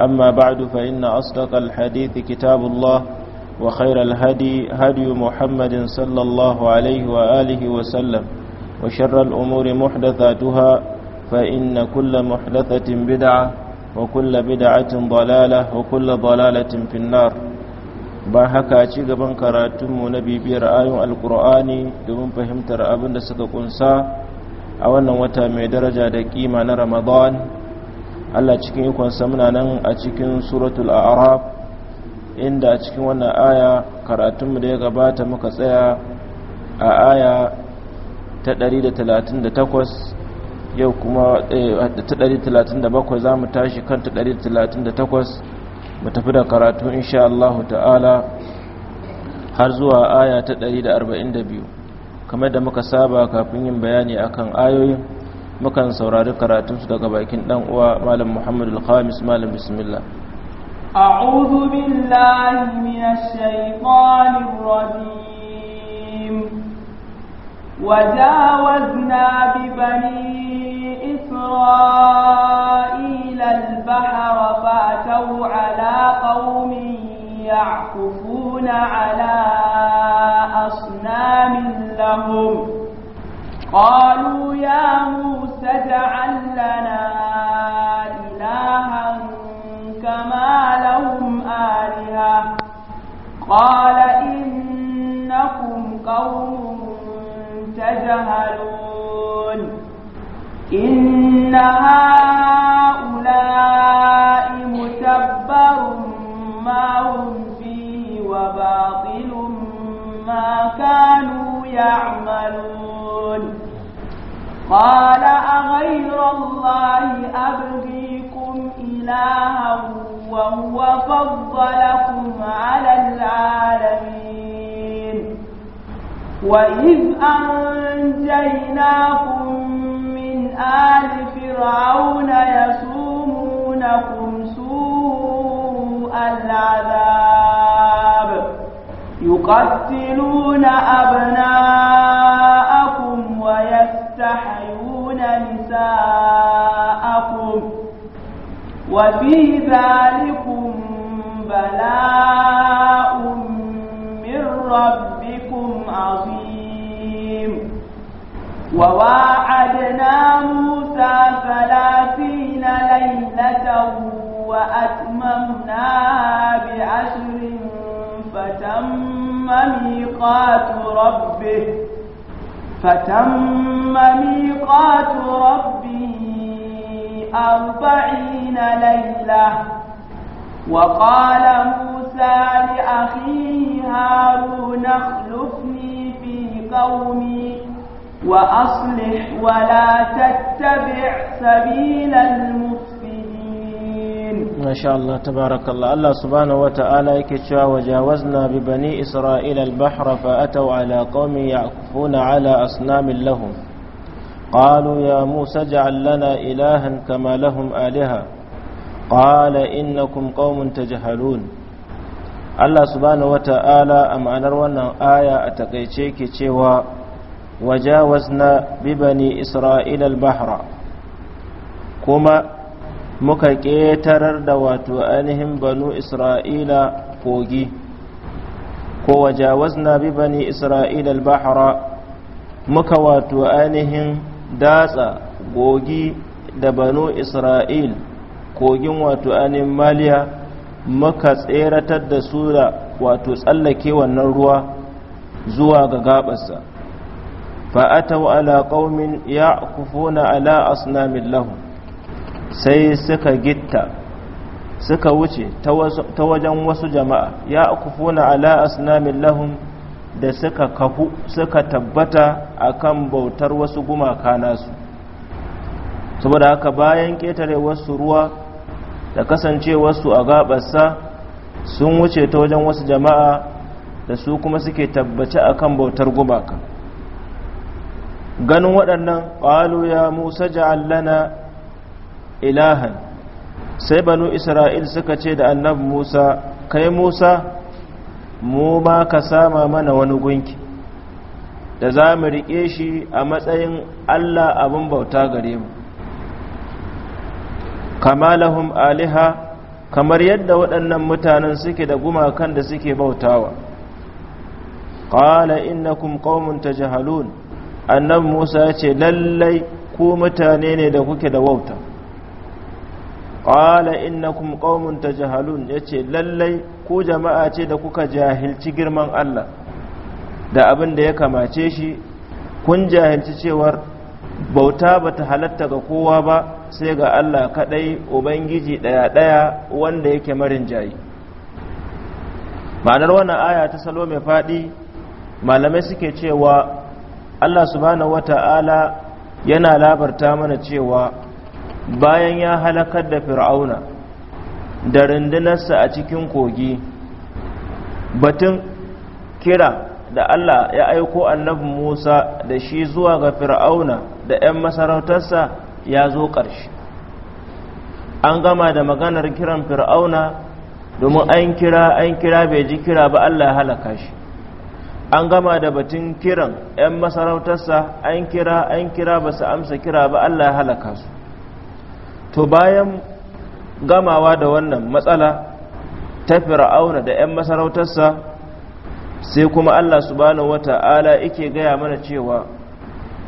أما بعد فإن أصدق الحديث كتاب الله وخير الهدي هدي محمد صلى الله عليه وآله وسلم وشر الأمور محدثاتها فإن كل محدثة بدعة وكل بدعة ضلالة وكل ضلالة في النار ba haka ci gaban karatunmu na bibiyar ayon alkur'ani domin fahimtar abin da suka kunsa a wannan wata mai daraja da kima na ramadan Allah cikin ikonsa muna nan a cikin suratul a'raf inda a cikin wannan aya karatunmu da ya gabata muka tsaya a aya ta 138 yau kuma eh, ta 137 za mu tashi kan ta 138 mu tafi da karatu insha Allah ta'ala har zuwa aya ta 142 kamar da muka saba kafin yin bayani akan ayoyin mukan saurari karatun su daga bakin dan uwa malam Muhammad al-Khamis malam bismillah a'udhu billahi minash shaitanir rajim wajawazna bi bani إسرائيل البحر فأتوا على قوم يعكفون على أصنام لهم قالوا يا موسى اجعل لنا إلها كما لهم آلهة قال إنكم قوم تجهلون إن هؤلاء متبر ما هم فيه وباطل ما كانوا يعملون قال أغير الله أبغيكم إلها وهو فضلكم على العالمين وإذ أنجيناكم من آل فرعون يسومونكم سوء العذاب يقتلون أبناءكم ويستحيون نساءكم وفي ذلكم بلاء من ربكم عظيم وواعدنا موسى ثلاثين ليلة وأتممنا بعشر فتم ميقات ربه فتم ميقات ربه أربعين ليلة وقال موسى لأخيه هارون اخلفني في قومي وأصلح ولا تتبع سبيل المفسدين masha Allah tabarakallah Allah subhanahu wata'ala yake cewa wajawazna bi bani isra'il al-bahra fa ataw ala qaumin ya'kufuna ala asnamin lahum قالوا يا موسى اجعل لنا إلها كما لهم آلهة قال إنكم قوم تجهلون Allah subhanahu wa ta'ala a ma'anar wannan aya a takaice ke cewa wajawazna bibani isra'ilal bahra kuma muka ƙetarar da wato ainihin banu isra'ila kogi ko na bi bani isra'ila al-bahra muka wato ainihin datsa gogi da banu isra'il kogin wato ainihin maliya muka tseratar da su da wato tsallake wannan ruwa zuwa ga gabarsa fa'atau ala qaumin ya'kufuna ala asnamin lahum sai suka gitta suka wuce ta wajen wasu jama'a ya akufuna ala asnamin lahum da suka kafu suka tabbata akan bautar wasu gumaka nasu saboda haka bayan ƙetare wasu ruwa da kasancewarsu a gabarsa sun wuce ta wajen wasu jama'a da su kuma suke tabbace akan bautar gumaka ganin waɗannan ƙwalo ya musa ja'allana ilahan sai banu isra'il suka ce da annabi musa kai musa mu ba ka sama mana wani gunki da za mu riƙe shi a matsayin allah abin bauta gare mu kamalahum aliha kamar yadda waɗannan mutanen suke da gumakan da suke bautawa ƙala innakum qaumun tajhalun annabi musa ya ce lallai ku mutane ne da kuke da wauta qala innakum qaumun tajhalun yace lallai ku jama'a ce da kuka jahilci girman Allah da abin da ya kamace shi kun jahilci cewar bauta bata halatta ga kowa ba sai ga Allah kadai ubangiji ɗaya ɗaya wanda yake marin jayi ma'anar wannan aya ta salo mai faɗi malamai suke cewa Allah subhanahu wata'ala yana labarta mana cewa bayan ya halakar da fir'auna da rundunarsa a cikin kogi batun kira da Allah ya aiko annabi Musa da shi zuwa ga fir'auna da 'yan masarautarsa ya zo ƙarshe an gama da maganar kiran fir'auna domin an kira an kira bai ji kira ba Allah ya halaka shi an gama da batun kiran 'yan masarautarsa an kira an kira ba su amsa kira ba Allah ya halaka su to bayan gamawa da wannan matsala ta fir'auna da 'yan masarautarsa sai kuma allah subhanahu wata'ala yake gaya mana cewa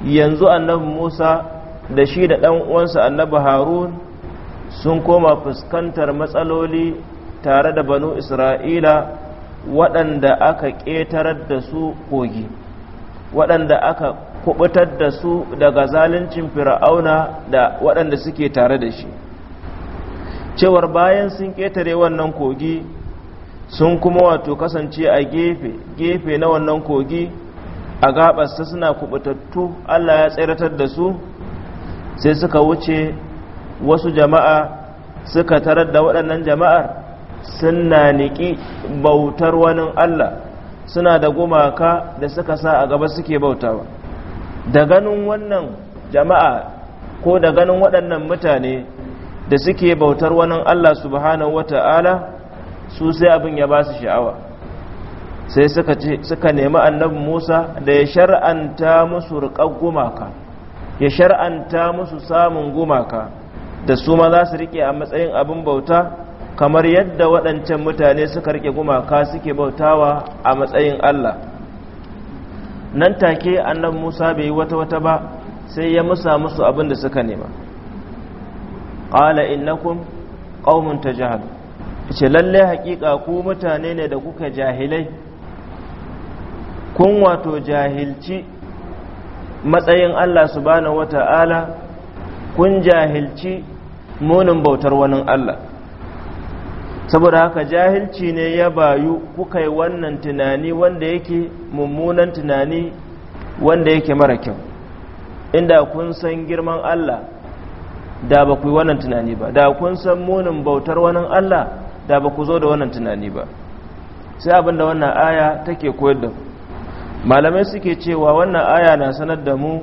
yanzu annabi musa da shi da ɗan uwansa annabi harun sun koma fuskantar matsaloli tare da banu isra'ila waɗanda aka ƙetarar da su kogi waɗanda aka kubutar da su daga zaluncin fir'auna da waɗanda suke tare da shi cewar bayan sun ƙetare wannan kogi sun kuma wato kasance a gefe gefe na wannan kogi a gabasta suna kubutattu Allah ya tseratar da su sai suka wuce wasu jama'a suka tarar da waɗannan jama'ar suna niki bautar wani Allah suna da gumaka da suka sa a gaba suke bautawa da ganin wannan jama'a ko da ganin waɗannan mutane da suke bautar wani Allah subhanahu wata'ala su sai abin ya ba su sha'awa sai suka nemi annabin Musa da ya shar'anta musu riƙar gumaka ya shar'anta musu samun gumaka da su ma za su riƙe a matsayin abin bauta kamar yadda waɗancan mutane suka riƙe gumaka suke bautawa a matsayin Allah nan take annabi musa bai yi wata wata ba sai ya musa musu abin da suka nema qala innakum qaumun jihar. ce lalle haƙiƙa ku mutane ne da kuka jahilai kun wato jahilci matsayin Allah subhanahu wata'ala kun jahilci munin bautar wani Allah saboda haka jahilci ne ya bayu kuka yi wannan tunani wanda yake mummunan tunani wanda yake mara kyau inda kun san girman Allah da ba ku yi wannan tunani ba da kun san munin bautar wannan Allah da ba ku zo da wannan tunani ba sai abin da wannan aya take koyar da malamai suke cewa wannan aya na sanar da mu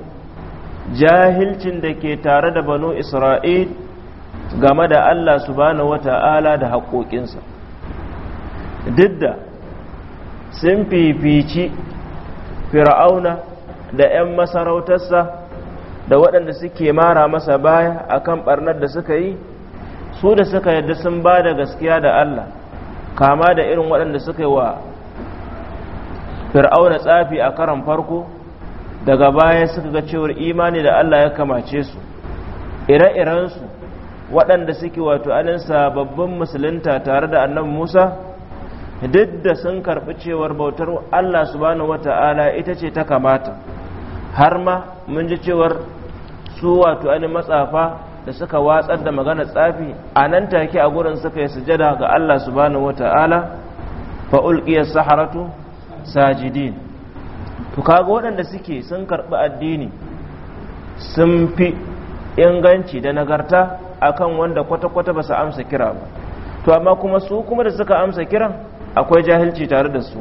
jahilcin da ke tare da banu isra'il game da Allah su wata ala da haƙoƙinsa duk da sun fifici fir'auna da 'yan masarautarsa da waɗanda suke mara masa baya akan ɓarnar da suka yi su da suka yadda sun ba da gaskiya da Allah kama da irin waɗanda suka yi wa fir'auna tsafi a karan farko daga baya suka ga cewar imani da Allah ya kamace su ire-irensu waɗanda suke wato alin sababbin musulunta tare da annabi Musa duk da sun karɓi cewar bautar Allah subhanahu wata'ala ita ce ta kamata har ma mun ji cewar su wato alin matsafa da suka watsar da magana tsafi a nan take a gurin suka yi sujada ga Allah subhanahu wata'ala fa ulqiya saharatu sajidin to kaga waɗanda suke sun karɓi addini sun fi inganci da nagarta akan wanda kwata-kwata ba su amsa kira ba to amma kuma su kuma da suka amsa kiran akwai jahilci tare da su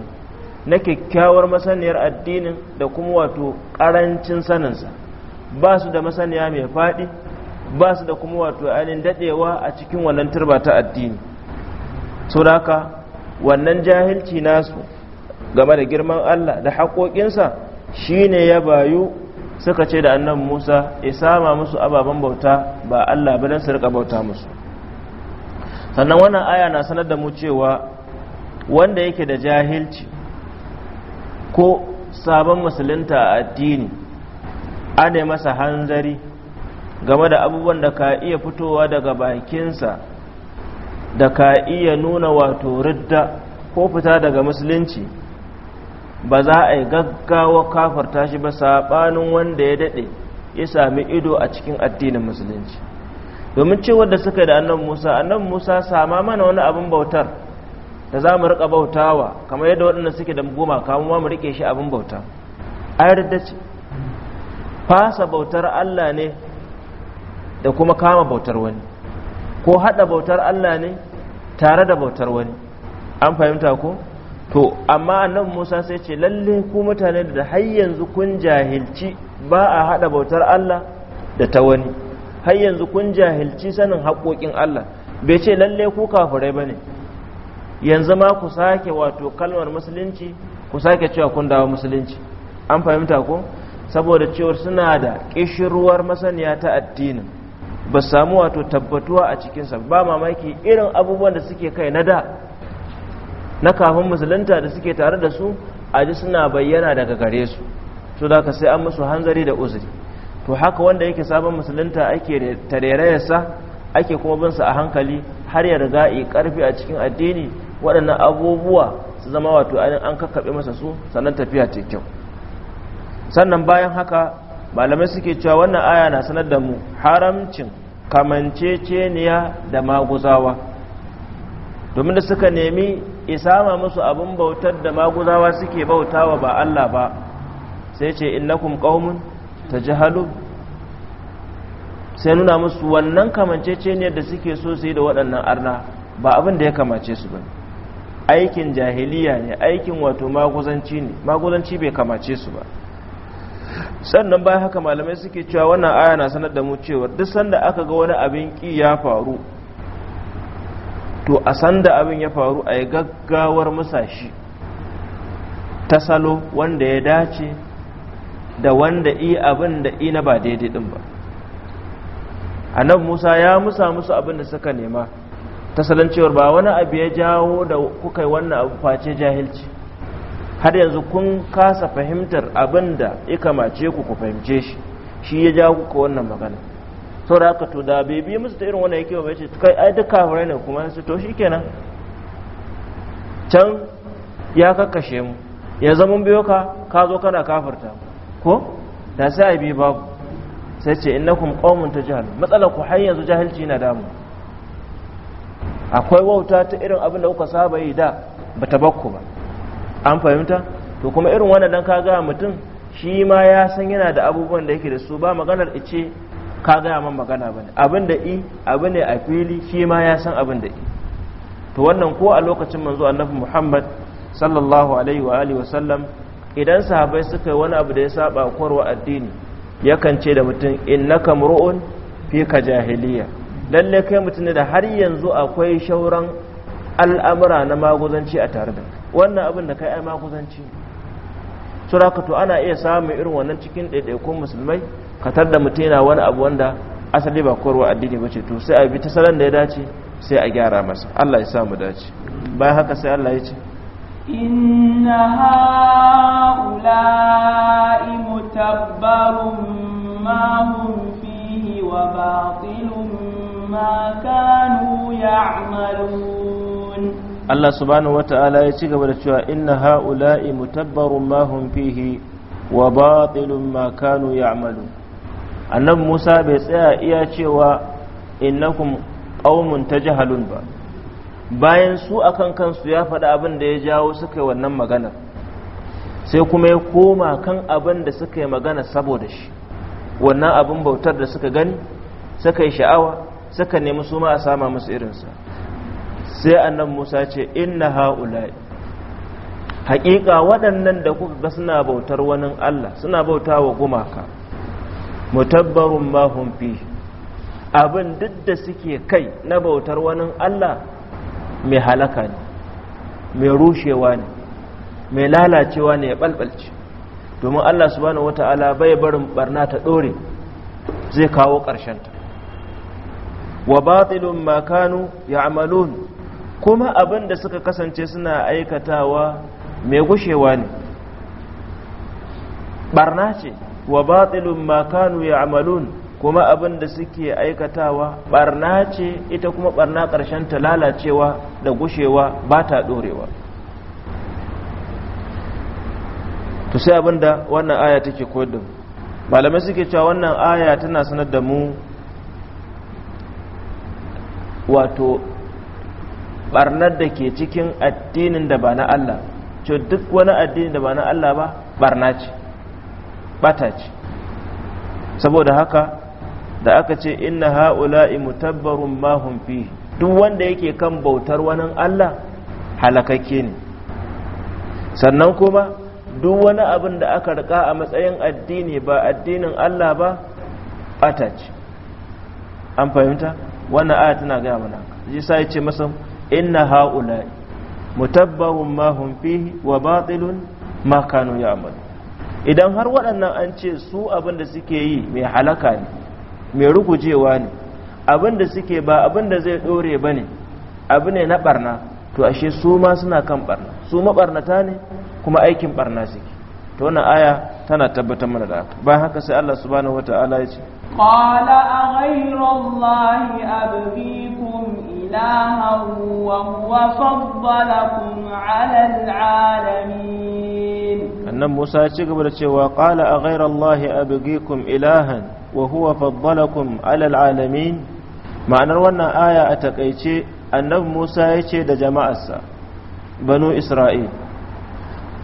na kyakkyawar masaniyar addinin da kuma wato ƙarancin saninsa ba su da masaniya mai faɗi ba su da kuma wato ainihin daɗewa a cikin wannan turba ta addini sau da haka wannan jahilci nasu game da girman Allah da haƙoƙinsa shi ne ya bayu suka ce da annabi Musa ya sama musu ababen bauta ba Allah ba dan su rika bauta musu sannan wannan aya na sanar da mu cewa wanda yake da jahilci ko sabon musulunta a addini ne masa hanzari game da abubuwan da ka iya fitowa daga bakinsa da ka iya nuna wato ridda ko fita daga musulunci ba za a yi gaggawa kafarta shi ba saɓanin wanda ya daɗe ya sami ido a cikin addinin musulunci domin ce da suka yi da annan musa annan musa sama mana wani abin bautar da za mu riƙa bautawa kamar yadda waɗanda suke da goma ma mu riƙe shi abin bauta ayar da ce fasa bautar allah ne da kuma kama bautar wani ko haɗa bautar allah ne tare da bautar wani an fahimta ko to amma nan musa sai ce lalle ku mutane da har yanzu kun jahilci ba a haɗa bautar allah da ta wani har yanzu kun jahilci sanin haƙoƙin allah bai ce lalle ku kafirai ba ne yanzu ma ku sake wato kalmar musulunci ku sake cewa kun dawo musulunci an fahimta ko saboda cewar suna da ƙishirwar masaniya ta addinin ba samu wato tabbatuwa a cikinsa ba mamaki irin abubuwan da suke kai na da na kafin musulunta da suke tare da su a ji suna bayyana daga gare su su da ka sai an musu hanzari da uzuri to haka wanda yake sabon musulunta ake tarerayarsa ake kuma bin su a hankali har ya riga yi karfi a cikin addini waɗannan abubuwa su zama wato an kakkaɓe masa su sannan tafiya ce kyau sannan bayan haka malamai suke cewa wannan aya na sanar da mu haramcin kamanceceniya da maguzawa domin da suka nemi isama musu abin bautar da maguzawa suke bautawa ba Allah ba sai ce innakum qaumun tajhalu sai nuna musu wannan kamanceceniyar da suke so su yi da waɗannan arna ba abin da ya kamace su bane aikin jahiliya ne aikin wato maguzanci ne maguzanci bai kamace su ba sannan baya haka malamai suke cewa wannan aya na sanar da mu cewa duk sanda aka ga wani abin ki ya faru to a sanda abin ya faru a yi gaggawar musashi ta salo wanda ya dace da wanda i abin da ina ba daidai din ba annabi musa ya musa musu abin da suka nema ta salon cewar ba wani abu ya jawo da kuka yi wannan abu face jahilci har yanzu kun kasa fahimtar abin da ya kamace ku ku fahimce shi shi ya jawo kuka wannan magana saboda haka to da bai bi musu ta irin wannan yake ba ce kai ai duk kafirai ne kuma su to shikenan can ya kakkashe mu ya zama biyo ka ka zo kana kafirta ko da sai a bi babu sai ce innakum qaumun tajhal matsala ku har yanzu jahilci na damu akwai wauta ta irin abin da kuka saba yi da bata bakku ba an fahimta to kuma irin wannan dan ka ga mutum shi ma ya san yana da abubuwan da yake da su ba maganar ice ka gaya man magana ba ne abin da i abu ne a fili shi ma ya san abin da i to wannan ko a lokacin manzo annabi muhammad sallallahu alaihi wa alihi wasallam idan sahabbai suka yi wani abu da ya saba korwa addini yakan ce da mutum innaka mur'un fi ka jahiliya lalle kai mutum ne da har yanzu akwai shauran al'amura na maguzanci a tare da wannan abin da kai ai maguzanci suraka to ana iya samun irin wannan cikin ɗaiɗaikun musulmai katar da mutum yana wani abu wanda asali ba korwa addini ba ce to sai a bi ta salon da ya dace sai a gyara masa Allah ya samu dace bayan haka sai Allah ya ce inna ha'ula'i mutabbarun ma hum fihi wa batilun ma kanu ya'malun Allah subhanahu wata'ala ya ci gaba da cewa inna ha'ula'i mutabbarun ma hum fihi wa batilun ma kanu ya'malun annabi musa bai tsaya iya cewa innakum qaumun tajhalun ba bayan su akan kansu ya faɗi abin da ya jawo suka yi wannan magana sai kuma ya koma kan abin da suka yi magana saboda shi wannan abin bautar da suka gani suka yi sha'awa suka nemi su ma a sama musu irinsa sai annabi musa ce inna ha'ula'i haƙiƙa waɗannan da kuka ga suna bautar wani allah suna bauta wa gumaka mutabbarun mahun fi abin duk da suke kai na bautar wani Allah mai halaka ne mai rushewa ne mai lalacewa ne ya balbalce domin Allah subhanahu wata'ala bai barin barna ta dore zai kawo ƙarshenta wa batilun makanu ya'malun kuma abin da suka kasance suna aikatawa mai gushewa ne barna ce wa batilun ma kanu ya'malun kuma abin da suke aikatawa barna ce ita kuma barna karshen ta lalacewa da gushewa ba ta dorewa to sai abin wannan aya take koyar malamai suke cewa wannan aya tana sanar da mu wato barnar da ke cikin addinin da ba na Allah to duk wani addini da ba na Allah ba barna ce bata ce saboda haka da aka ce inna ha'ula'i mutabbarun ma hum duk wanda yake kan bautar wani Allah halakakke ne sannan kuma duk wani abin da aka rika a matsayin addini ba addinin Allah ba bata ce an fahimta wannan aya tana gaya mana ji sai ce masa inna ha'ula'i mutabbarun ma hum wa batilun ma kanu ya'malu idan har waɗannan an ce su abin da suke yi mai halaka ne mai rugujewa ne abin da suke ba abin da zai ɗore ba ne abu ne na ɓarna to ashe su ma suna kan ɓarna su maɓarnata ne kuma aikin ɓarna suke to wannan aya tana tabbatar mana da haka bayan haka sai Allah subhanahu wata'ala ya ce قال أغير الله أبغيكم إلها وهو فضلكم على العالمين sannan Musa ci gaba da cewa qala a ghayra Allah abghikum ilahan wa huwa faddalakum alal alamin ma'anar wannan aya a takaice annabi Musa ya ce da jama'arsa banu Isra'il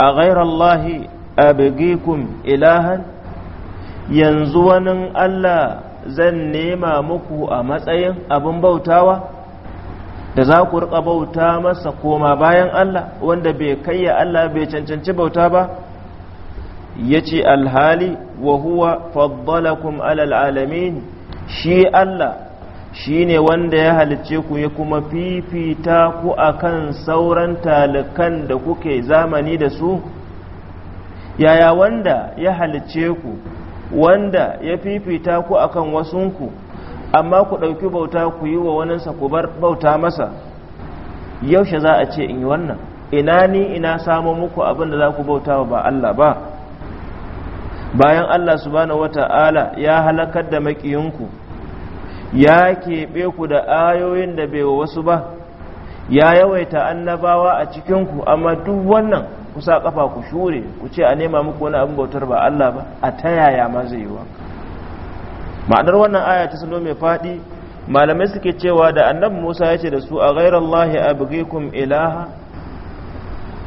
a ghayra Allah abghikum ilahan yanzu wani Allah zan nema muku a matsayin abin bautawa da za ku riƙa bauta masa koma bayan Allah wanda bai kayya Allah bai cancanci bauta ba yace alhali wa huwa faddalakum alal alamin shi Allah shine wanda ya halice ku ya kuma fifita ku akan sauran talikan da kuke zamani da su yaya wanda ya halice ku wanda ya fifita ku akan wasunku amma ku ɗauki bauta ku yi wa waninsa ku bar bauta masa yaushe za a ce in yi wannan ina ni ina samo muku abin da za ku bauta ba Allah ba bayan Allah subhanahu wata'ala ya halakar da makiyinku ya keɓe ku da ayoyin da bai wasu ba ya yawaita annabawa a cikinku amma duk wannan kusa kafa ku shure ku ce a nema muku wani abin bautar ba Allah ba a ta yaya ma zai yi wa ma'anar wannan aya ta salo mai faɗi malamai suke cewa da annabi Musa ya ce da su a ghairallahi abghikum ilaha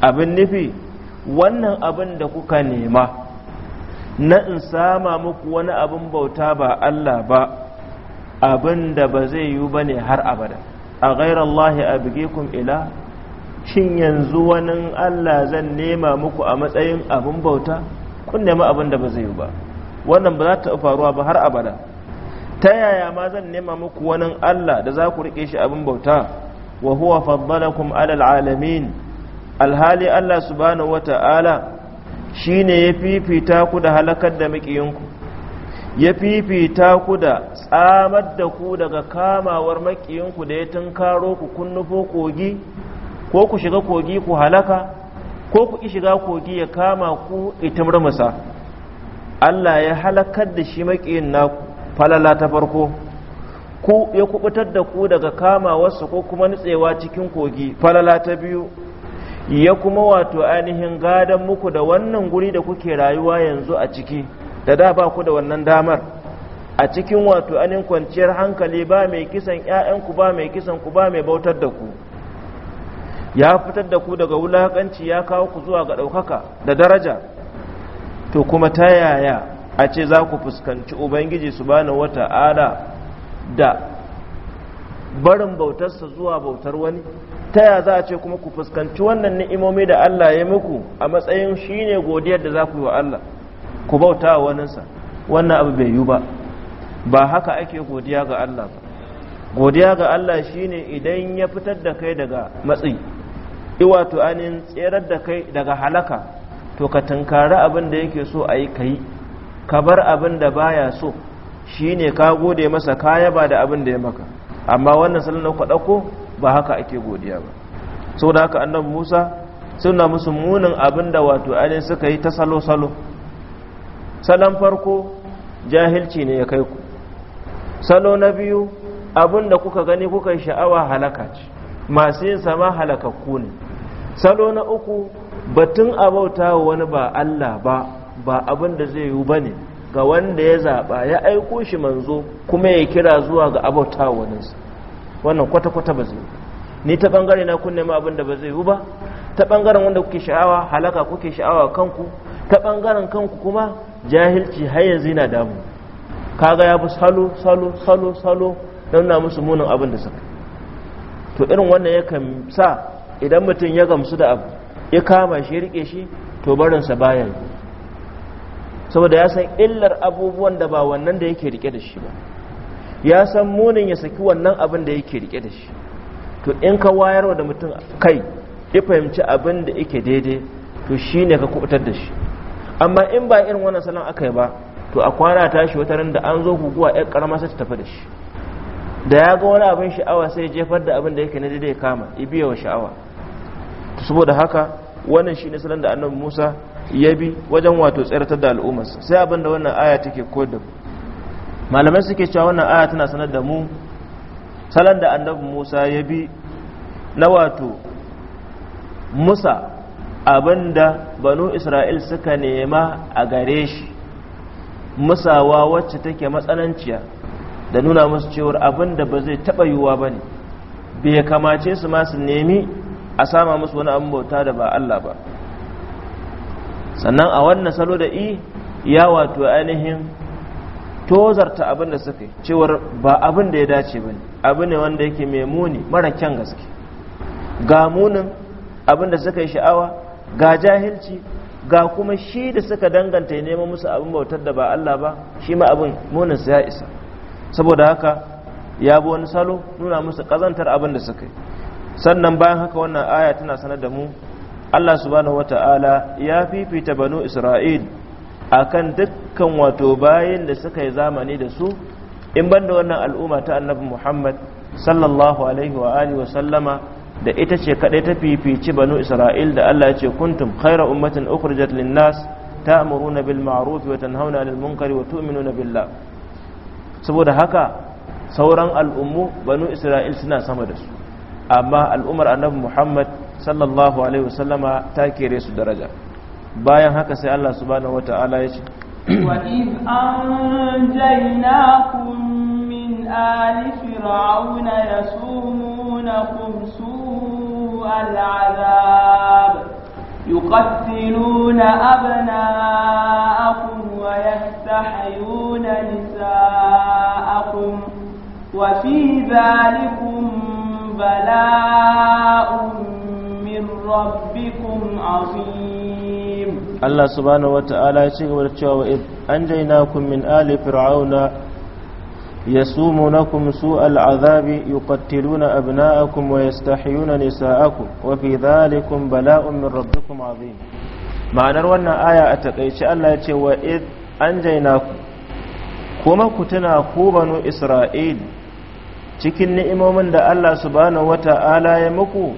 abin nufi wannan abin da kuka nema na in sama muku wani abin bauta ba Allah ba abin da ba zai yi ba ne har abada a gairar Allahi a ila shin yanzu wani Allah zan nema muku a matsayin abin bauta kun nema abin da ba zai yi ba wannan ba za ta faruwa ba har abada ta yaya ma zan nema muku wani Allah da za ku riƙe shi abin bauta wa huwa faddalakum alal alamin alhali Allah subhanahu wata'ala Shi ne ya fifita ku da halakar da makiyinku ya fifita ku da tsamar da ku daga kamawar makiyinku da ya tunkaro ku kun nufo kogi ko ku shiga kogi ku halaka ko ku shiga kogi ya kama ku ita murmusa. Allah ya halakar da shi makiyin naku falala ta farko ku ya kubutar da ku daga kama wasu ko kuma nutsewa cikin kogi falala ta biyu ya kuma wato ainihin gadon muku da wannan guri da kuke rayuwa yanzu a ciki da da ba ku da wannan damar a cikin wato ainihin kwanciyar hankali ba mai kisan ƴaƴanku ba mai kisan ku ba mai bautar da ku ya fitar da ku daga wulakanci ya kawo ku zuwa ga ɗaukaka da daraja to kuma ta yaya a ce za ku fuskanci ubangiji subhanahu wata'ala da barin bautarsa zuwa bautar wani ta ya za a ce kuma ku fuskanci wannan ni'imomi da Allah ya muku a matsayin shine godiyar da za ku yi wa Allah ku bauta wa waninsa wannan abu bai yi ba ba haka ake godiya ga Allah ba godiya ga Allah shine idan ya fitar da kai daga matsayi iwato anin tserar da kai daga halaka to ka tunkari abin da yake so a yi ka yi ka bar abin da baya so shine ka gode masa kaya ba da abin da ya maka amma wannan salon da kwadako ba haka ake godiya ba sau da haka annan musa suna musu munin abin da wato ainihin suka yi ta salo-salo salon farko jahilci ne ya kai ku salo na biyu abin da kuka gani kuka yi sha'awa halaka ce masu yin sama halakakku ne salo na uku batun abauta wani ba allah ba ba abin da zai yi ba ne ga wanda ya zaɓa ya aiko shi manzo kuma ya kira zuwa ga abauta waninsa wannan kwata-kwata ba zai ni ta ɓangare na kunne ma abin da ba zai yi ba ta ɓangaren wanda kuke sha'awa halaka kuke sha'awa kanku ta ɓangaren kanku kuma jahilci har yanzu yana damu kaga ya fi salo salo salo salo don na musu munin abin da suka to irin wannan yakan sa idan mutum ya gamsu da abu ya kama shi ya rike shi to barinsa baya yi saboda ya san illar abubuwan da ba wannan da yake rike da shi ba ya san munin ya saki wannan abin da yake rike da shi to in ka wayar wa da mutum kai ya fahimci abin da yake daidai to shi ne ka kubutar da shi amma in ba irin wannan salon aka yi ba to a kwana tashi wata ran da an zo guguwa yar karama sai ta tafi da shi da ya ga wani abin sha'awa sai ya jefar da abin da yake na daidai kama ibiya wa sha'awa saboda haka wannan shi ne salon da annabi musa ya bi wajen wato tsirtar da al'ummarsa sai abinda wannan aya take koyar malamai suke cewa wannan aya tana sanar da mu salon da annabi musa ya bi na wato musa abinda banu isra'il suka nema a gare shi musawa wacce take matsananciya da nuna musu cewar abinda ba zai taba yiwuwa ba ne bai kamace su masu nemi a sama musu wani abin bauta da ba Allah ba sannan a wannan salo da i ya wato ainihin tozarta abin da suka yi cewar ba abin da ya dace ba ne abu ne wanda yake mai muni mara kyan gaske ga munin abin da suka yi sha'awa ga jahilci ga kuma shi da suka danganta ya neman musu abin bautar da ba Allah ba shi ma abin munin su ya isa saboda haka ya bi wani salo nuna musu kazantar abin da suka yi sannan bayan haka wannan aya tana sanar da mu Allah subhanahu ta'ala ya fifita banu Isra'il akan dukkan wato bayan da suka yi zamani da su in banda wannan al'umma ta annabi Muhammad sallallahu alaihi wa wa sallama da ita ce kadai ta fifici banu Isra'il da Allah ya ce kuntum khayra ummatin ukhrijat lin-nas ta'muruna bil ma'ruf wa tanhauna munkari wa tu'minuna billah saboda haka sauran al'ummu banu Isra'il suna sama da su amma al'ummar annabi Muhammad sallallahu alaihi wasallama ta kere su daraja bayan haka sai Allah subhanahu wataala ya ce wa in anjaynakum min ali fir'auna yasumunakum su'al azab يقتلون أبناءكم ويستحيون نساءكم وفي ذلكم بلاء Allah subhanahu wata'ala ya ce gaba da cewa an jaina ku min ali fir'auna yasumunakum su'al azabi yuqattiluna abna'akum wa yastahiyuna nisa'akum wafi fi dhalikum bala'un min rabbikum azim ma'anar wannan aya a takaice Allah ya ce wa id an ku kuma ku tuna ku banu isra'il cikin ni'imomin da Allah subhanahu wata'ala ya muku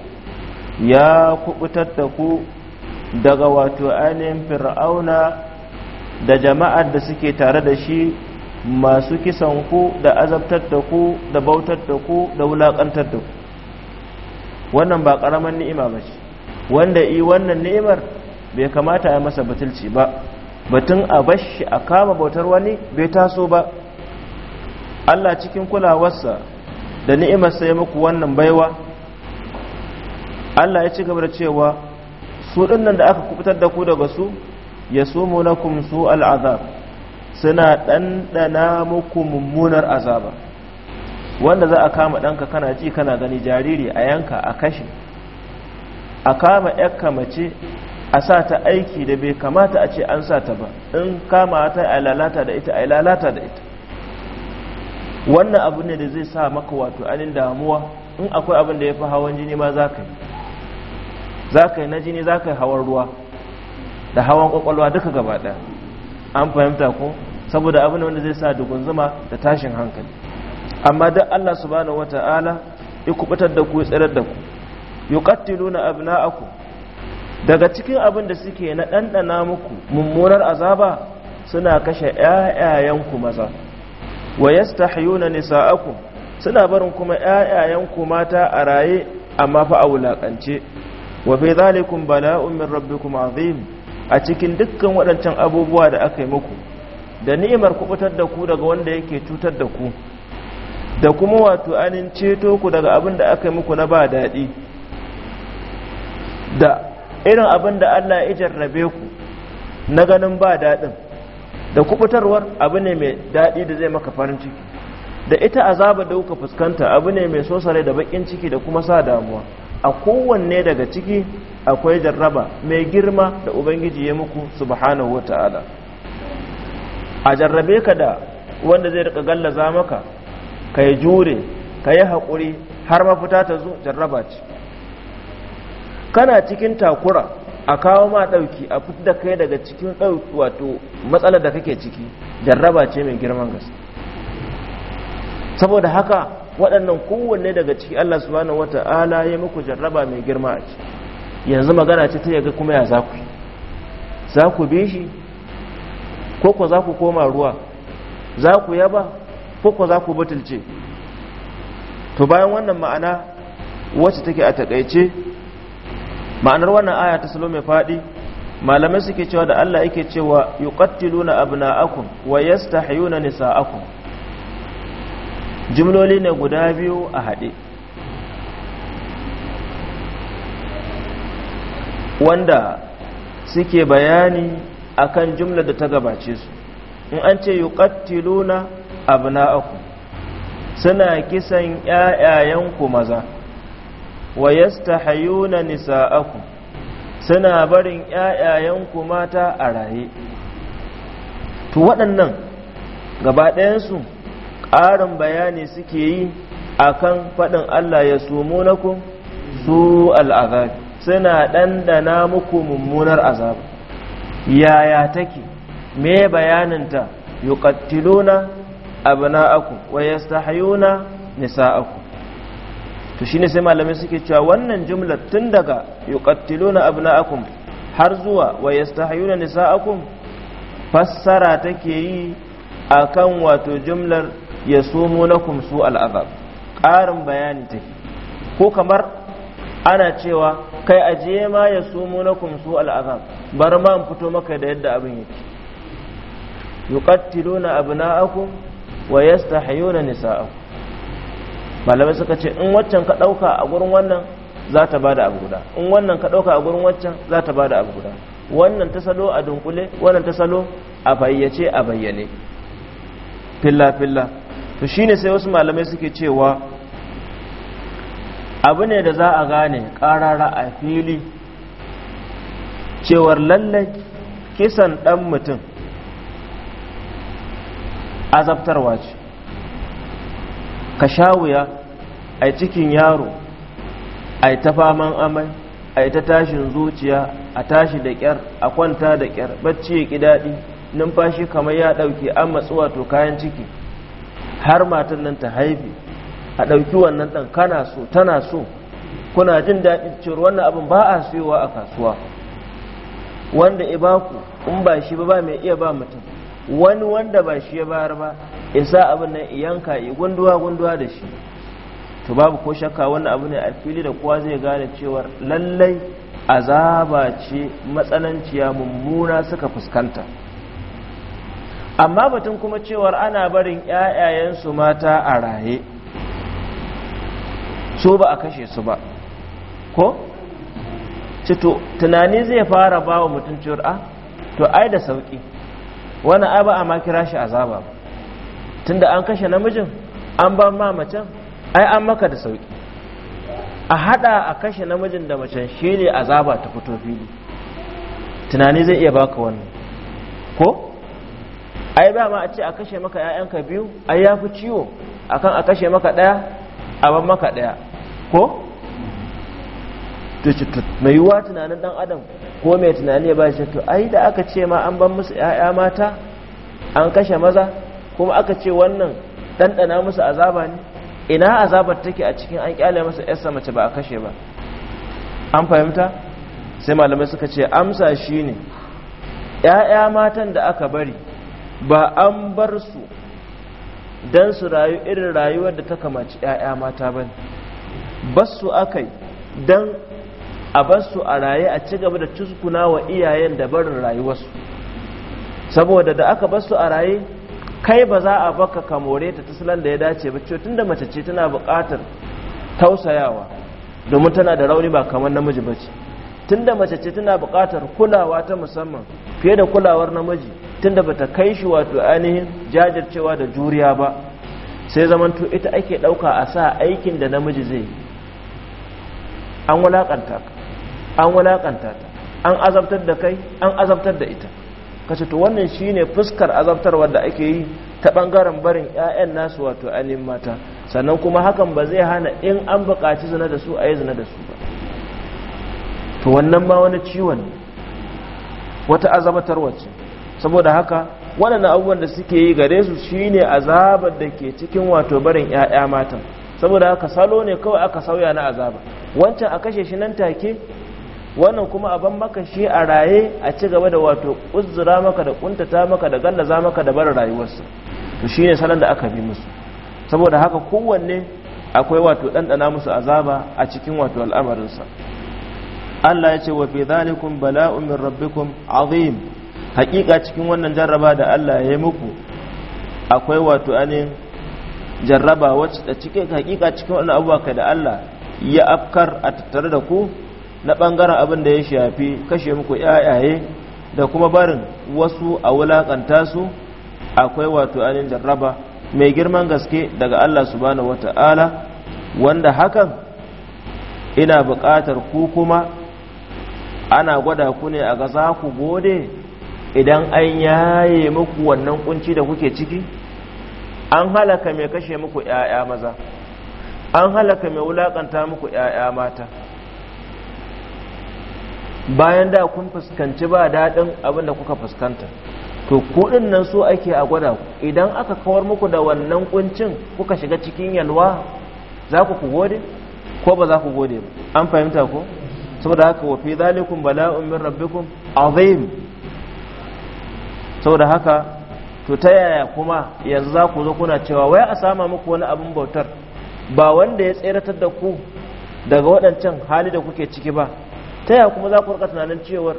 ya kubutar da ku daga wato ainihin fir'auna da jama'ar da suke tare da shi masu kisan ku da azabtar da ku da bautar da ku da wulaƙantar da ku wannan ba ƙaramin ni'ima ba ce wanda yi wannan ni'imar bai kamata ya masa batulci ba batun a bashi a kama bautar wani bai taso ba Allah cikin kulawarsa da ni'imarsa ya muku wannan baiwa Allah ya ci gaba da cewa su dinnan da aka kubutar da ku daga su ya sumu lakum su al'azab suna ɗanɗana muku mummunar azaba wanda za a kama ɗanka kana ji kana gani jariri a yanka a kashe a kama yakka mace a sa ta aiki da bai kamata a ce an sa ta ba in kama ta a lalata da ita a lalata da ita wannan abu ne da zai sa maka wato anin damuwa in akwai abin da ya fi hawan jini ma za ka yi za ka yi na jini za ka yi hawan ruwa da hawan kwakwalwa duka gaba ɗaya an fahimta ko saboda abin wanda zai sa zuma da tashin hankali amma duk Allah subhanahu Ta'ala ya kubutar da ku ya tsirar da ku na aku daga cikin abin da suke na ɗanɗana muku mummunar azaba suna kashe ƴaƴayenku maza wa nisa aku suna barin kuma ƴaƴayenku mata a raye amma fa a wulaƙance. wa fi zalikum bala'un min rabbikum azim a cikin dukkan waɗancan abubuwa da aka yi muku da ni'imar kubutar da ku daga wanda yake cutar da ku da kuma wato anin ceto ku daga abin da aka yi muku na ba daɗi da irin abin da Allah ya jarrabe ku na ganin ba daɗin da kubutarwar abu ne mai daɗi da zai maka farin ciki da ita azaba da kuka fuskanta abu ne mai sosare da bakin ciki da kuma sa damuwa a kowanne daga ciki akwai jarraba mai girma da ubangiji ya muku subhanahu wata'ala a jarrabe ka da wanda zai rika gallaza maka ka yi jure ka yi haƙuri har mafita ta zo jarraba ce kana cikin takura a kawo ma ɗauki a fit da kai daga cikin ɗauki wato matsalar da kake ciki jarraba ce mai girman gaske saboda haka waɗannan kowanne daga ciki Allah wata ala ya muku jarraba mai girma a ci yanzu magana ce ta yaga kuma ya zaku za ku bi shi ko za ku koma ruwa Zaku yaba ko ko za ku butulce to bayan wannan ma'ana wacce take a takaice ma'anar wannan aya ta salo mai faɗi malamai suke cewa da Allah yake cewa yuqattiluna abna'akum wa nisa nisa'akum jimloli ne guda biyu a haɗe wanda suke bayani akan jumla da ta gabace su in an ce abu na'aku suna kisan ƴaƴayenku maza wa nisa nisa'aku suna barin ƴaƴayenku mata a raye to waɗannan gabaɗayensu ƙarin bayani suke yi a kan faɗin Allah ya su su al'azabi suna ɗandana muku mummunar azab yaya take me bayaninta yuqattiluna abna'akum wa yastahiyuna nisa'aku to shi ne sai malamai suke cewa wannan jimla tun daga yuqattiluna abna'akum har zuwa wa yastahiyuna nisa'aku fassara take yi a kan wato jimlar. yasumu lakum kumsu al'azab ƙarin bayani take ko kamar ana cewa kai ajiye ma yasumu lakum kumsu al'azab bar ma fito maka da yadda abin yake yuqattiluna abna'akum wa yastahiyuna nisa'akum malamai suka ce in waccan ka ɗauka a gurin wannan za ta bada abu guda in wannan ka ɗauka a gurin waccan za ta bada abu guda wannan ta salo a dunkule wannan ta salo a fayyace a bayyane filla filla to shine sai wasu malamai suke cewa abu ne da za a gane ƙarara a fili cewar lallai kisan ɗan mutum azabtarwa ce ka sha wuya a cikin yaro a ta faman amai a ta tashin zuciya a tashi da ƙyar a kwanta da ƙyar bacci ya ƙi daɗi numfashi kamar ya ɗauke an matsuwa to kayan ciki har matan nan ta haifi a ɗauki wannan ɗan kana so tana so kuna jin daɗin cewar wannan abin ba a siyowa a kasuwa wanda ya baku in ba shi ba mai iya ba mutum wani wanda ba shi ya bayar ba isa abin nan yanka yi gunduwa gunduwa da shi to babu ko shakka wannan abu ne a fili da kowa zai gane cewar lallai azaba ce matsananciya mummuna suka fuskanta amma batun kuma cewar ana barin ƴaƴayensu mata a raye su ba a kashe su ba ko? cito tunani zai fara ba wa mutum cewar a ah, to ai da sauƙi wani ai ba a ma kira shi azaba ba tunda an kashe namijin an ba ma ai an maka da sauƙi a hada a kashe namijin da macen shi ne azaba ta fito fili tunani zai iya baka wannan ko? ai ba ma a ce a kashe maka ƴaƴanka biyu ai ya fi ciwo akan a kashe maka ɗaya a ban maka ɗaya ko mai yiwuwa tunanin ɗan adam ko mai tunani ya ba shi to ai da aka ce ma an ban musu ƴaƴa mata an kashe maza kuma aka ce wannan ɗanɗana musu azaba ne ina azabar take a cikin an kyale masa yarsa mace ba a kashe ba an fahimta sai malamai suka ce amsa shi ne ƴaƴa matan da aka bari ba an bar su don su rayu irin rayuwar da ta kamaci 'ya'ya mata ba ne basu aka yi don a su a raye a ci gaba da cuskuna wa iyayen da barin rayuwarsu saboda da aka su a raye kai ba za a baka kamore ta tasirin da ya dace ba tun da mace ce tana buƙatar tausayawa domin tana da rauni ba kamar namiji ba ce tun da mace ce tana buƙatar kulawa ta musamman fiye da kulawar namiji tun tunda bata kai shi wato ainihin jajircewa da juriya ba sai zamanto ita ake ɗauka a sa aikin da namiji zai an wulaƙanta an wulaƙanta ta an azabtar da kai an azabtar da ita kashe to wannan shi ne fuskar azabtarwar da ake yi ta ɓangaren barin 'ya'yan nasu wato ainihin mata sannan kuma hakan ba zai hana in an buƙaci zina da su a yi zina da su ba to wannan ma wani ciwon wata azabtarwa ce saboda haka waɗannan abubuwan da suke yi gare su shine azabar da ke cikin wato barin 'ya'ya matan saboda haka salo ne kawai aka sauya na azaba wancan a kashe shi nan take wannan kuma a ban maka shi a raye a ci gaba da wato uzura maka da kuntata maka da gallaza maka da barin rayuwarsa to shine salon da aka bi musu saboda haka kowanne akwai wato ɗanɗana musu azaba a cikin wato al'amarinsa Allah ya ce wa fi zalikun bala'un min rabbikum azim hakika cikin wannan jarraba da Allah ya yi muku akwai wato anin jarraba wacce da cikin hakika cikin wannan abubuwa kai da Allah ya afkar a tattare da ku na bangaren abin da ya shafi kashe muku yayaye da kuma barin wasu a wulakanta su akwai wato anin jarraba mai girman gaske daga Allah subhanahu wata'ala wanda hakan ina buƙatar ku kuma ana gwada ku ne a ga za ku gode idan an yaye muku wannan kunci da kuke ciki an halaka mai kashe muku 'ya'ya maza an halaka mai wulakanta muku 'ya'ya mata bayan da kun fuskanci ba daɗin abin da kuka fuskanta to kuɗin nan so ake a gwada idan aka kawar muku da wannan kuncin kuka shiga cikin yalwa za ku ku gode ko ba za ku gode ba an fahimta ko saboda haka wa fi zalikum bala'un min rabbikum azim saboda haka to ta yaya kuma yanzu za ku zo kuna cewa wai a sama muku wani abin bautar ba wanda ya tseratar da ku daga waɗancan hali da kuke ciki ba ta yaya kuma za ku rika tunanin cewar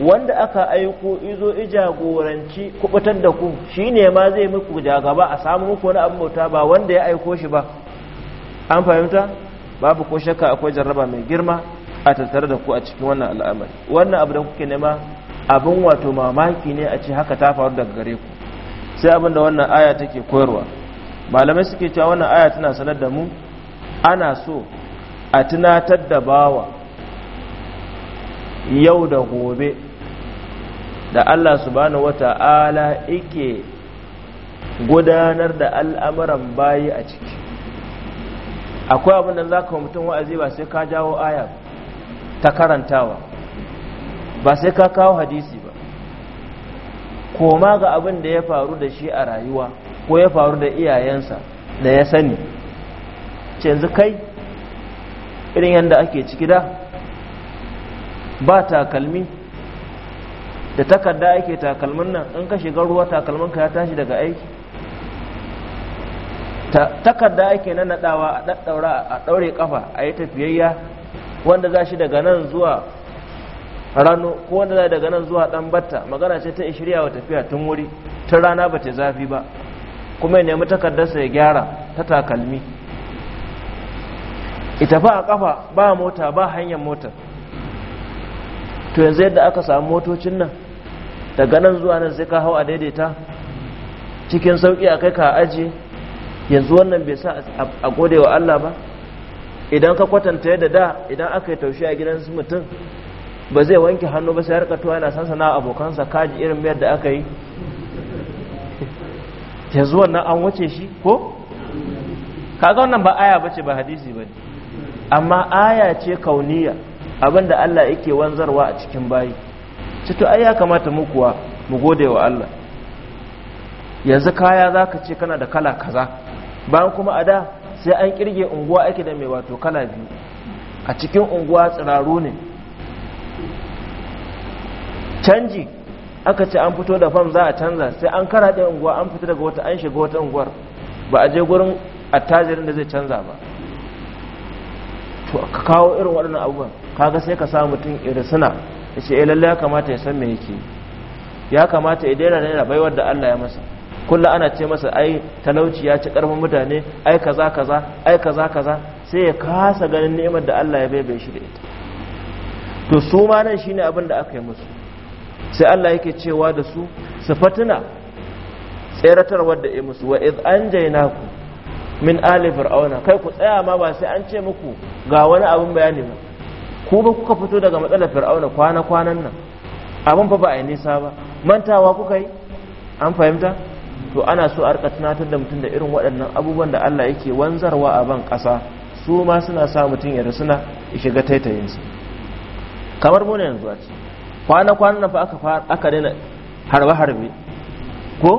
wanda aka aiko izo ijagoranci kubutar da ku shine ma zai muku jagaba a samu muku wani abin bauta ba wanda ya aiko shi ba an fahimta babu ko shakka akwai jarraba mai girma a tattare da ku a cikin wannan al'amari wannan abu da kuke nema abin wato mamaki ne a ce haka ta faru daga gare ku sai abin da wannan aya take koyarwa malamai suke cewa wannan aya tana sanar da mu ana so a tunatar da bawa yau da gobe da Allah subhanahu wata'ala yake gudanar da al'amuran bayi a ciki akwai abin da za ka mutum wa'azi ba sai ka jawo aya ta karantawa ba sai ka kawo hadisi ba koma ga abin da ya faru da shi a rayuwa ko ya faru da iyayensa da ya sani canzu kai irin yadda ake ciki da ba takalmi da takarda ake takalmin nan in ka shiga ruwa takalmin ka ya tashi daga aiki takarda ake na nadawa a daddaura a ɗaure kafa a yi tafiyayya wanda za shi daga nan zuwa rano ko wanda za daga nan zuwa dan batta magana ce ta ishiriya wa tafiya tun wuri tun rana ba ta zafi ba kuma ya nemi sa ya gyara ta takalmi ita fa a kafa ba mota ba hanyar mota to yanzu yadda aka samu motocin nan daga nan zuwa nan sai ka hau a daidaita cikin sauki a kai ka ajiye yanzu wannan bai sa a gode wa Allah ba idan ka kwatanta yadda da idan aka yi taushe a gidan mutum ba zai wanke hannu ba sai harkar tuwa yana sana abokansa kaji irin mayar da aka yi yanzu wannan an wace shi ko kaga wannan ba aya bace ba hadisi ba amma aya ce kauniya abinda Allah yake wanzarwa a cikin bayi cito ai ya kamata mu kuwa mu gode wa Allah yanzu kaya zaka ce kana da kala kaza bayan kuma a da sai an kirge unguwa ake da mai wato kala biyu a cikin unguwa tsiraru ne canji aka ce an fito da fam za a canza sai an kara karaɗe unguwa an fita daga wata an shiga wata unguwar ba a je gurin attajirin da zai canza ba to ka kawo irin waɗannan abubuwan kaga sai ka samu mutum irisuna ya ce eh lallai ya kamata ya san me yake ya kamata ya daina daina baiwar da Allah ya masa kullum ana ce masa ai talauci ya ci karfin mutane ai kaza kaza ai kaza kaza sai ya kasa ganin ni'imar da Allah ya bai bai shi da ita to su ma nan shine abin da aka yi musu sai Allah yake cewa da su su fatuna tseratarwar da musu wa iz ku min ali fir'auna kai ku tsaya ma ba sai an ce muku ga wani abin bayani ba ku ba kuka fito daga matsalar fir'auna kwana kwanan nan abin fa ba a nisa ba mantawa kuka yi an fahimta to ana so a rika tunatar da mutum da irin waɗannan abubuwan da Allah yake wanzarwa a ban ƙasa su ma suna sa mutum ya suna shiga taitayinsa kamar mu ne yanzu a ce kwana kwana na fa aka daina harbe-harbe ko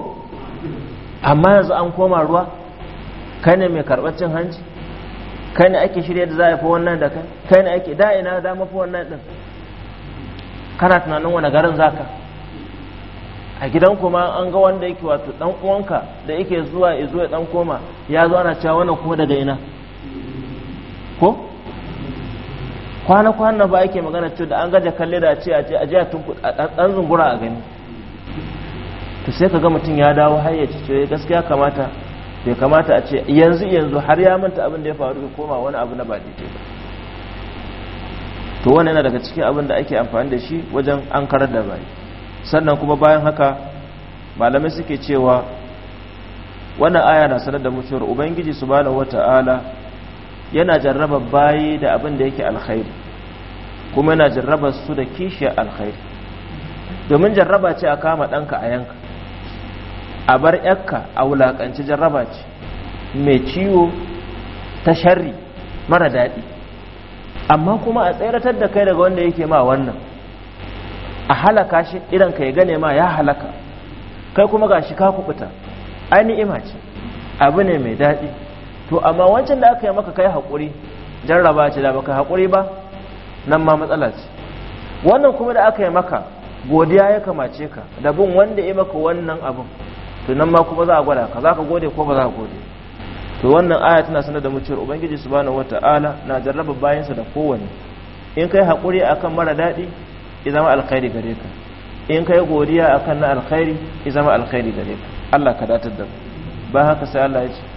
amma yanzu an koma ruwa kai ne mai karɓar hanci kai ne ake shirya da za a fi wannan da kai kai ne ake da'ina da mafi wannan ɗin kana tunanin wani garin zaka a gidan kuma an ga wanda yake wato dan uwanka da yake zuwa izo ya dan koma ya zo ana cewa wannan kuma daga ina ko kwana-kwana ba ake magana cewa da an gaje kalle da ce a ji a ɗan zungura a gani to sai ka ga mutum ya dawo hayyaci ce eh, gaskiya kamata bai kamata a ce yanzu yanzu har ya manta abin da ya faru ka koma wani abu na ba daidai ba to wani yana daga cikin abin da ake amfani da shi wajen an karar da bai sannan kuma bayan haka malamai suke cewa wannan aya na sanar da mu cewa ubangiji subhanahu wata'ala yana jarraba bayi da abin da yake alkhairi kuma yana jarraba su da kishiyar alkhairi domin jarraba ce a kama ɗanka a yanka a bar yakka a wulaƙanci jarraba ce mai ciwo ta sharri mara daɗi amma kuma a tseratar da kai daga wanda yake ma wannan a halaka shi idan ka yi gane ma ya halaka kai kuma ga shi ka kubuta ai ni'ima ce abu ne mai daɗi to amma wancan da aka yi maka kai haƙuri jarraba ce da baka haƙuri ba nan ma matsala ce wannan kuma da aka yi maka godiya ya kamace ka da bin wanda ya maka wannan abin to nan ma kuma za a gwada ka za ka gode ko ba za ka gode to wannan aya tana sanar da mu cewa ubangiji subhanahu wataala na jarraba bayansa da kowane in kai haƙuri akan mara daɗi ya zama alkhairi gare ka in kai godiya akan na alkhairi ya zama alkhairi gare ka Allah ka datar da ba haka sai Allah ya ce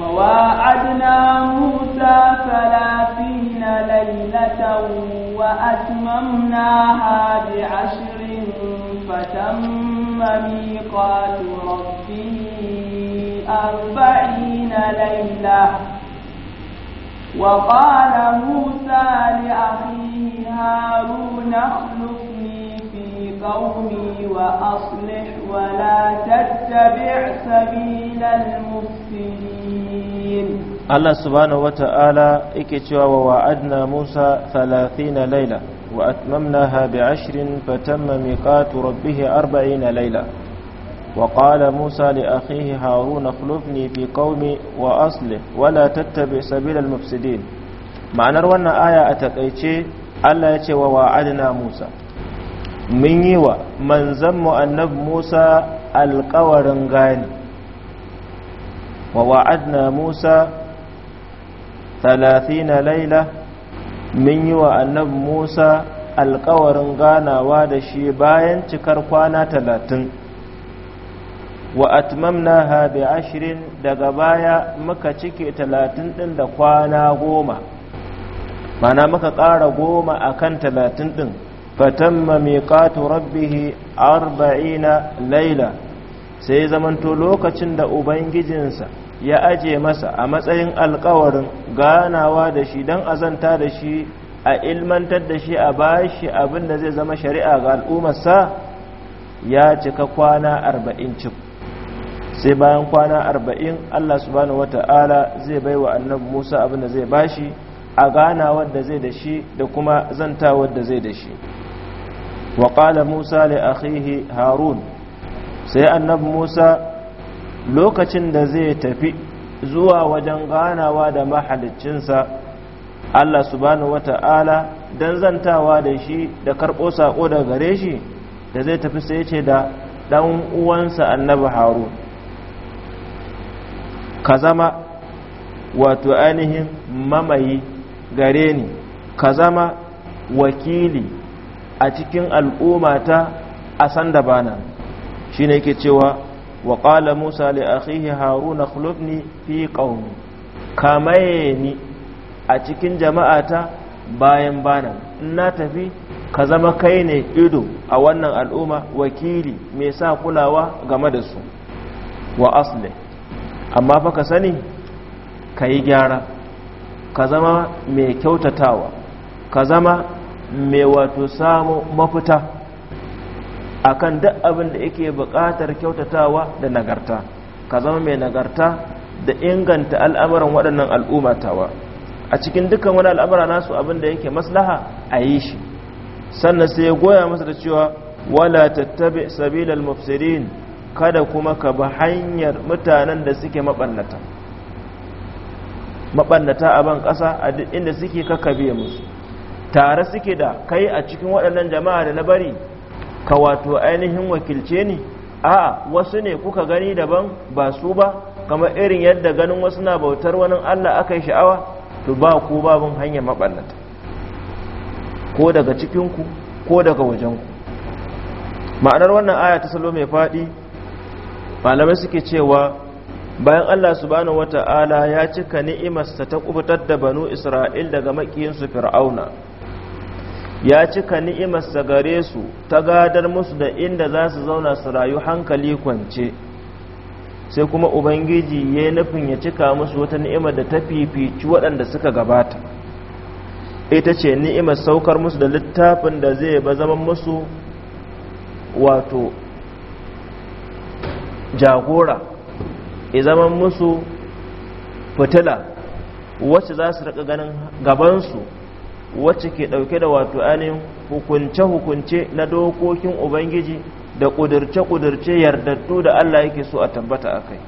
وواعدنا موسى ثلاثين ليلة وأتممناها بعشر فتم ميقات ربه أربعين ليلة وقال موسى لأخيه هارون اخلفني قومي وأصلح ولا تتبع سبيل المفسدين الله سبحانه وتعالى اكتوى ووعدنا موسى ثلاثين ليلة وأتممناها بعشر فتم ميقات ربه أربعين ليلة وقال موسى لأخيه هارون اخلفني في قومي وأصلح ولا تتبع سبيل المفسدين ma'anar wannan aya a takaice Allah ya ce wa wa'adna Musa mun yi wa manzan mu'annab musa alkawarin gani wa wa'adna musa talatina laila mun yi wa annab musa alkawarin ganawa da shi bayan cikar kwana talatin wa atmamna ha bi ashirin daga baya muka cike talatin ɗin da kwana goma mana muka ƙara goma akan talatin ɗin fatamma miqatu rabbih arba'ina laila sai zamanto lokacin da ubangijinsa ya aje masa a matsayin alkawarin ganawa da shi don azanta da shi a ilmantar da shi a bashi abin da zai zama shari'a ga al'ummarsa ya cika kwana arba'in cik sai bayan kwana arba'in allah subhanahu wata'ala zai baiwa annabi musa abin da zai bashi a ganawar da zai da shi da kuma zantawar da zai da shi wa qala musa li akhihi harun sai annabi musa lokacin da zai tafi zuwa wajen ganawa da mahaliccinsa Allah subhanahu wata'ala dan zantawa da shi da karɓo saƙo da gare shi da zai tafi sai ce da ɗan uwansa annabi harun ka zama wato ainihin mamayi gare ni ka zama wakili a cikin ta a san da bana ne yake cewa wa ƙala musa li akhihi haruna ne fi ƙaunu kamaye ni a cikin jama'a ta bayan bana na tafi ka zama kai ne ido a wannan al'umma wakili mai sa kulawa game da su wa asli amma fa ka sani ka yi gyara ka zama mai kyautatawa ka zama mai wato samu mafita akan duk abin da yake buƙatar kyautatawa da nagarta ka zama mai nagarta da inganta al'amuran waɗannan al'ummatawa a cikin dukkan wani al'amura nasu abin da yake maslaha a yi shi sannan sai ya goya masa da cewa wala tattabi sabilal mufsirin kada kuma ka bi hanyar mutanen da suke maɓannata a ban ƙasa a duk inda suke kakabe musu tare suke da kai a cikin waɗannan jama'a da na bari ka wato ainihin wakilce ne? a wasu ne kuka gani daban ba su ba kamar irin yadda ganin wasu na bautar wani allah aka yi sha'awa to ba ku babin hanyar maɓallata ko daga cikinku ko daga wajenku ma'anar wannan aya ta salo mai faɗi malamai suke cewa bayan allah subhanahu wata'ala ya cika ni'imarsa ta kubutar da banu isra'il daga maƙiyinsu fir'auna ya cika ni'imarsa gare su ta gadar musu da inda za su zauna su rayu hankali kwance sai kuma ubangiji ya yi nufin ya cika musu wata ni'imar da ta fifici waɗanda suka gabata ita ce ni'imar saukar musu da littafin da zai ba zaman musu wato jagora ya zaman musu fitila wacce za su rika ganin gabansu wacce ke ɗauke da wato ainihin hukunce-hukunce na dokokin ubangiji da ƙudurce-ƙudurce yardattu da allah yake so a tabbata a kai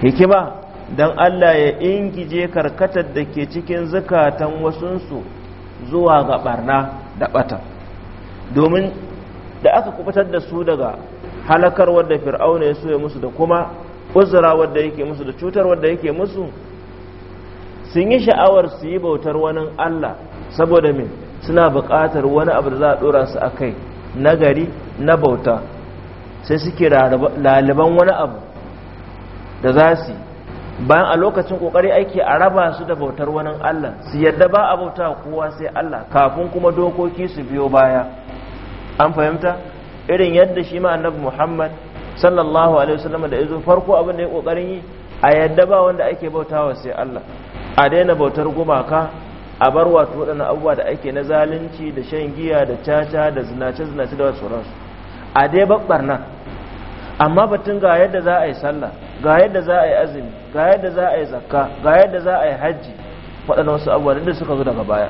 hikima don allah ya ingije karkatar da ke cikin zukatan wasunsu zuwa ga barna da ɓata domin da aka kubutar da su daga halakar wadda fir'auna ya so ya musu da kuma uzura wadda yake musu da cutar wadda yake musu sun yi sha'awar su yi bautar wani Allah saboda min suna buƙatar wani abu da za a ɗora su a kai na gari na bauta sai suke laliban wani abu da za su bayan a lokacin ƙoƙari aiki a raba su da bautar wani Allah su yadda ba a bauta kowa sai Allah kafin kuma dokoki su biyo baya an fahimta irin yadda shi ma annabi Muhammad sallallahu alaihi wasallam da yazo farko abin da ya ƙoƙarin yi a yadda ba wanda ake bautawa sai Allah a daina bautar gumaka a bar wato waɗannan abubuwa da ake na zalunci da shan giya da caca da zinace-zinace da wasu ransu a dai babbar nan amma batun ga yadda za a yi sallah ga yadda za a yi azumi ga yadda za a yi zakka ga yadda za a yi hajji waɗannan wasu abubuwa da suka zo daga baya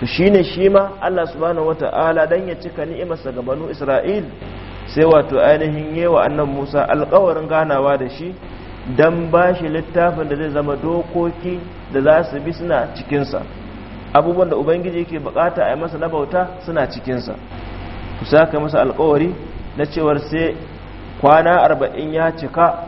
to shine shi ma Allah subhanahu wata'ala dan ya cika ni'imarsa ga banu Isra'il sai wato ainihin yewa annan Musa alƙawarin ganawa da shi don ba shi littafin da zai zama dokoki da za su bi suna cikinsa abubuwan da ubangiji ke bukata a yi masa na bauta suna cikinsa ku saka masa alkawari na cewar sai kwana arba'in ya cika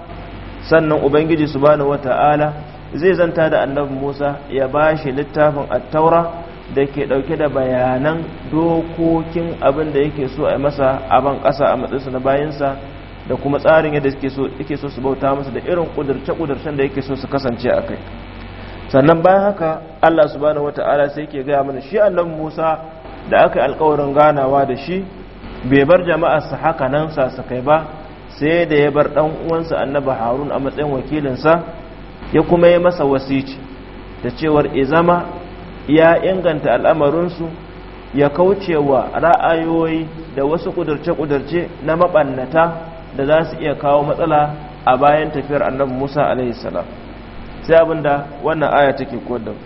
sannan ubangiji su bani wata'ala zai zanta da annabi musa ya ba shi littafin attaura da ke dauke da bayanan dokokin abin da yake so a yi masa a ban kasa a matsayinsa na bayansa da kuma tsarin yadda suke so so su bauta masa da irin kudurce kudurcen da yake so su kasance a kai sannan bayan haka Allah subhanahu wataala sai ke gaya mana shi allon Musa da aka yi alkawarin ganawa da shi bai bar jama'ar jama'arsa haka nan kai ba sai da ya bar ɗan uwansa annabi Harun a matsayin wakilinsa ya kuma yi masa wasici da cewar izama ya inganta al'amarinsu ya kaucewa ra'ayoyi da wasu kudurce-kudurce na maɓannata da za su iya kawo matsala a bayan tafiyar annabi musa alaihi salam sai abinda wannan aya take koyar da mu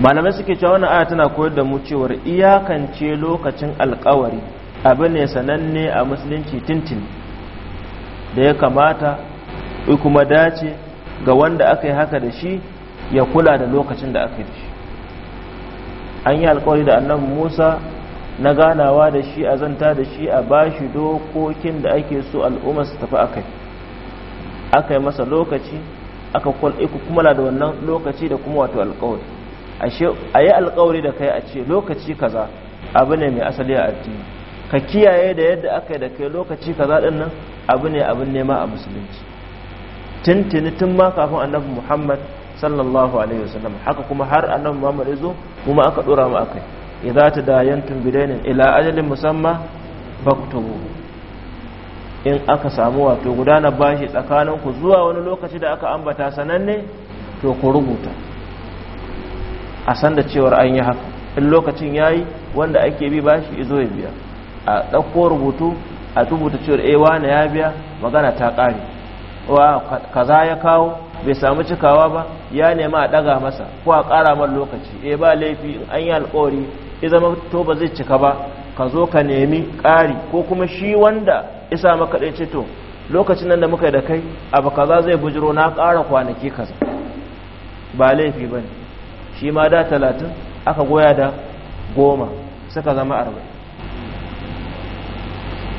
malamai suke cewa wannan aya tana koyar da mu cewar iyakance lokacin alkawari abu ne sananne a musulunci tintin da ya kamata kuma dace ga wanda aka yi haka da shi ya kula da lokacin da aka yi da shi an yi alkawari da annabi musa na ganawa da shi a zanta da shi a ba shi dokokin da ake so al'umma su tafi akai aka yi masa lokaci aka kumala da wannan lokaci da kuma wato alkawari a yi alkawari da kai a ce lokaci kaza abu ne mai asali a addini ka kiyaye da yadda aka yi da kai lokaci kaza din nan abu ne abin nema a musulunci tuntuni tun ma kafin annabi muhammad sallallahu alaihi wasallam haka kuma har annabi muhammad ya zo kuma aka dora mu akai idza tadayantum bidainin ila ajalin musamma baktubu in aka samu wato gudanar bashi tsakanin ku zuwa wani lokaci da aka ambata sananne to ku rubuta a san da cewar an yi haka in lokacin yayi wanda ake bi bashi izo ya biya a dauko rubutu a rubuta cewar eh wani ya biya magana ta kare wa kaza ya kawo bai samu cikawa ba ya nema a ɗaga masa ko a ƙara man lokaci eh ba laifi an yi alƙawari iza zama ba zai cika ba ka zo ka nemi ƙari ko kuma shi wanda isa maka ɗaya ce to lokacin nan da muka yi da kai abu kaza zai bujiro na ƙara kwanaki kaza ba laifi ba ne shi ma da talatin aka goya da goma suka zama arba'in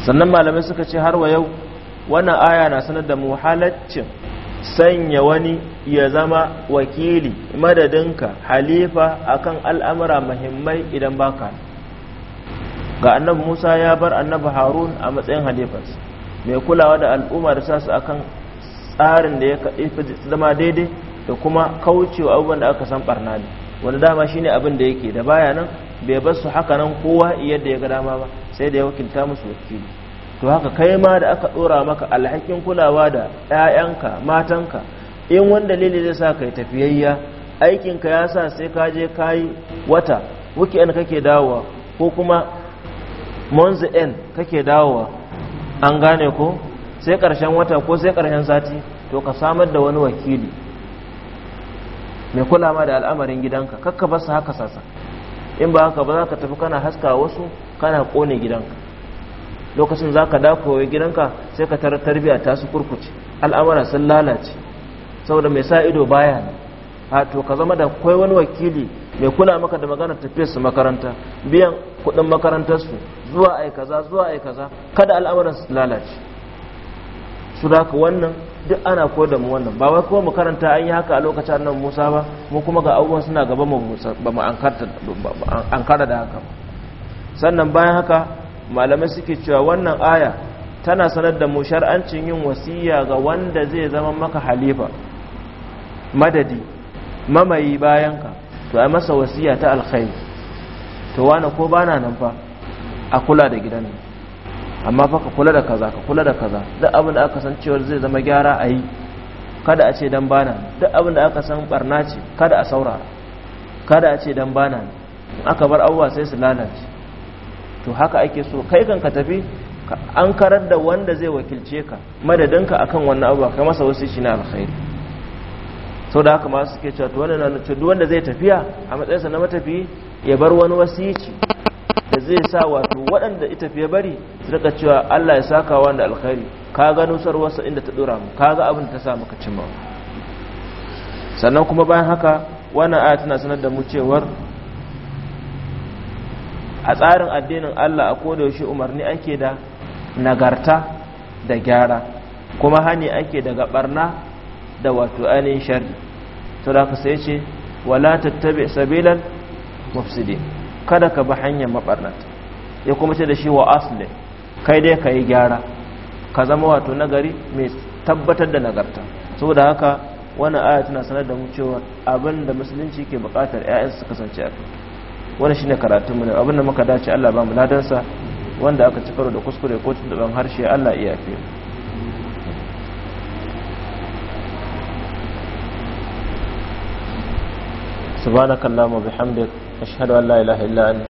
sannan malamai suka ce har wa yau wannan aya na sanar da mu halaccin sanya wani ya zama wakili madadinka halifa akan al'amura muhimmai idan baka ga annabi Musa ya bar annabi Harun a matsayin halifarsa mai kulawa da al'ummar sasu akan tsarin da ya zama daidai da kuma kaucewa abubuwan da aka san barna ne wanda dama shine abin da yake da baya nan bai bar su haka nan kowa yadda ya ga dama ba sai da ya wakilta musu wakili to haka kai ma da aka dora maka alhakin kulawa da 'ya'yanka matanka in wani dalili zai sa kai tafiyayya aikinka ya sa sai ka je kayi wata an kake dawowa ko kuma monzi en kake dawowa an gane ko sai karshen wata ko sai karshen sati to ka samar da wani wakili mai kula da al'amarin gidanka kakka basa haka sasa in ba haka ba za ka tafi kana haska wasu kana kone gidanka lokacin za ka dakowa gidanka sai ka tarar tarbiya ta su kurkuce al'amura sun lalace saboda mai sa ido baya ne a to ka zama da kwai wani wakili mai kula maka da maganar tafiyar su makaranta biyan kuɗin makarantarsu zuwa ai kaza zuwa ai kaza kada al'amuran su lalace su da wannan duk ana koyar da mu wannan ba wai kuma mu an yi haka a lokacin annabi Musa ba mu kuma ga abubuwan suna gaba mu ba mu ankara da haka sannan bayan haka malamai suke cewa wannan aya tana sanar da mu shar'ancin yin wasiya ga wanda zai zama maka halifa madadi mamayi bayanka to ai masa wasiya ta alkhairi to wani ko bana nan fa a kula da gidan ne amma fa ka kula da kaza ka kula da kaza duk abin da aka san cewa zai zama gyara a yi kada a ce dan bana duk abin da aka san barna ce kada a saurara kada a ce dan bana aka bar abubuwa sai su lalace to haka ake so kai kan ka tafi an karar da wanda zai wakilce ka madadinka akan wannan abu kai masa wasu shi na alkhairi sau da haka masu suke cewa wanda na duk wanda zai tafiya a matsayinsa na matafi ya bar wani wasici da zai sa wato waɗanda ita fiye bari su rika cewa Allah ya saka wanda alkhairi ka ga wasu inda ta dora mu ka ga abin da ta sa maka cimma sannan kuma bayan haka wannan aya tana sanar da mu cewar a tsarin addinin Allah a koda yaushe umarni ake da nagarta da gyara kuma hani ake daga barna da wato ainihin shari? to da ka sai ce wala tattabi sabilan mufsidin kada ka bi hanyar mabarnata ya kuma ce da shi wa asli kai dai ka yi gyara ka zama wato nagari mai tabbatar da nagarta saboda haka wannan aya tana sanar da mu cewa abin da musulunci ke bukatar 'ya'yansu su kasance a kai wani shine karatun mu ne abin da muka dace Allah ba mu ladansa wanda aka ci karo da kuskure ko daban harshe Allah iya fi subhanakallahumma bihamdik ashhadu an la ilaha illa anta